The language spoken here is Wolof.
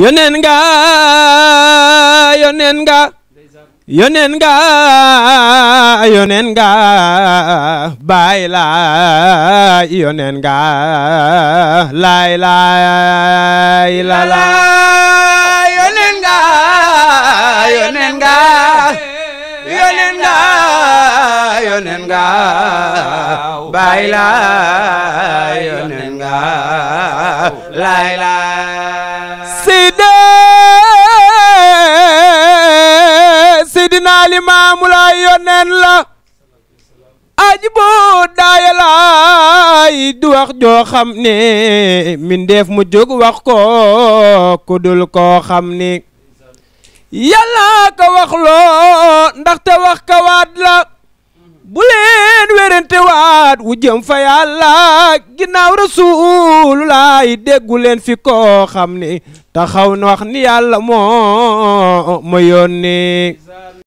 yoneen nga yoneen nga yoneen nga yoneen nga baay laay yoneen laay laay la la yoneen nga yoneen nga yoneen nga yoneen lay lay seyda seydina Limaamu Laay yoneen la aj boo daaya laay du wax joo xam ne mindeef mu jóg wax ko ku koo xam ne yàlla ka wax loo ndaxte wax kawaat la bu wérante waat wu jëm fa yàlla ginnaaw rasuululaay déggu leen fi koo xam ni taxaw na wax ni yàlla moo ma yónni